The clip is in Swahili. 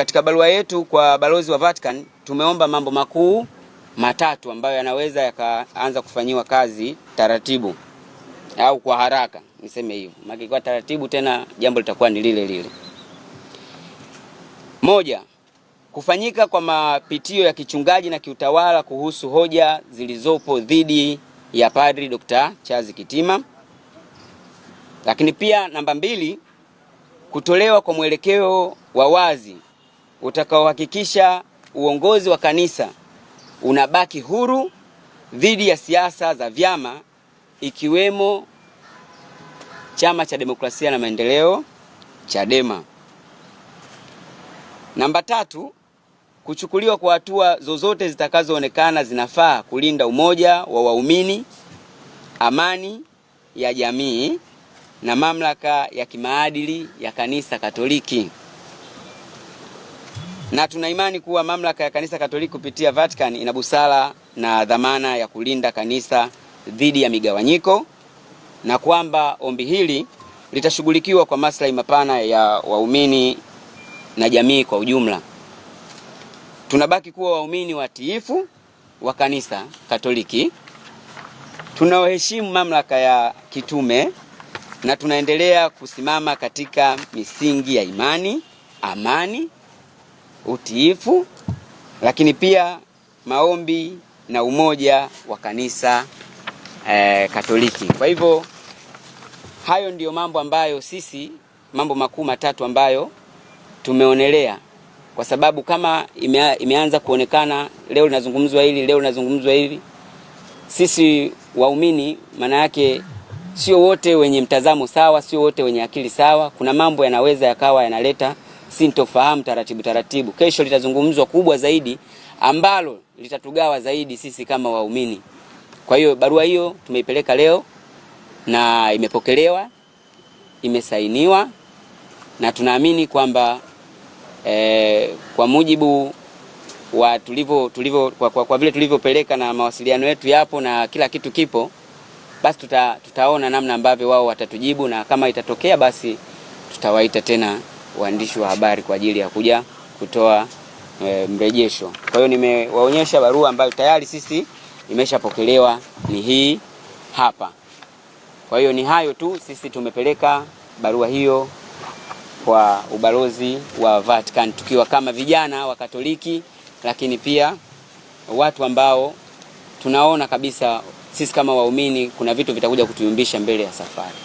Katika barua yetu kwa balozi wa Vatican tumeomba mambo makuu matatu ambayo yanaweza yakaanza kufanyiwa kazi taratibu au kwa haraka, niseme hivyo, maana kwa taratibu tena jambo litakuwa ni lile lile. Moja, kufanyika kwa mapitio ya kichungaji na kiutawala kuhusu hoja zilizopo dhidi ya Padri Dr. Charles Kitima. Lakini pia namba mbili, kutolewa kwa mwelekeo wa wazi utakaohakikisha uongozi wa kanisa unabaki huru dhidi ya siasa za vyama ikiwemo Chama cha Demokrasia na Maendeleo Chadema. Namba tatu, kuchukuliwa kwa hatua zozote zitakazoonekana zinafaa kulinda umoja wa waumini, amani ya jamii na mamlaka ya kimaadili ya Kanisa Katoliki na tuna imani kuwa mamlaka ya kanisa Katoliki kupitia Vatican ina busara na dhamana ya kulinda kanisa dhidi ya migawanyiko na kwamba ombi hili litashughulikiwa kwa maslahi mapana ya waumini na jamii kwa ujumla. Tunabaki kuwa waumini watiifu wa kanisa Katoliki tunaoheshimu mamlaka ya kitume na tunaendelea kusimama katika misingi ya imani, amani utiifu, lakini pia maombi na umoja wa kanisa e, Katoliki. Kwa hivyo hayo ndiyo mambo ambayo sisi, mambo makuu matatu ambayo tumeonelea, kwa sababu kama ime, imeanza kuonekana leo linazungumzwa hili, leo linazungumzwa hili, sisi waumini, maana yake sio wote wenye mtazamo sawa, sio wote wenye akili sawa. Kuna mambo yanaweza yakawa yanaleta sintofahamu taratibu taratibu. Kesho litazungumzwa kubwa zaidi ambalo litatugawa zaidi sisi kama waumini. Kwa hiyo barua hiyo tumeipeleka leo na imepokelewa, imesainiwa na tunaamini kwamba eh, kwa mujibu wa tulivyo tulivyo kwa, kwa, kwa vile tulivyopeleka na mawasiliano yetu yapo na kila kitu kipo, basi tuta, tutaona namna ambavyo wao watatujibu na kama itatokea basi tutawaita tena waandishi wa habari kwa ajili ya kuja kutoa e, mrejesho. Kwa hiyo nimewaonyesha barua ambayo tayari sisi imeshapokelewa ni hii hapa. Kwa hiyo ni hayo tu, sisi tumepeleka barua hiyo kwa ubalozi wa Vatican tukiwa kama vijana wa Katoliki, lakini pia watu ambao tunaona kabisa sisi kama waumini kuna vitu vitakuja kutuyumbisha mbele ya safari.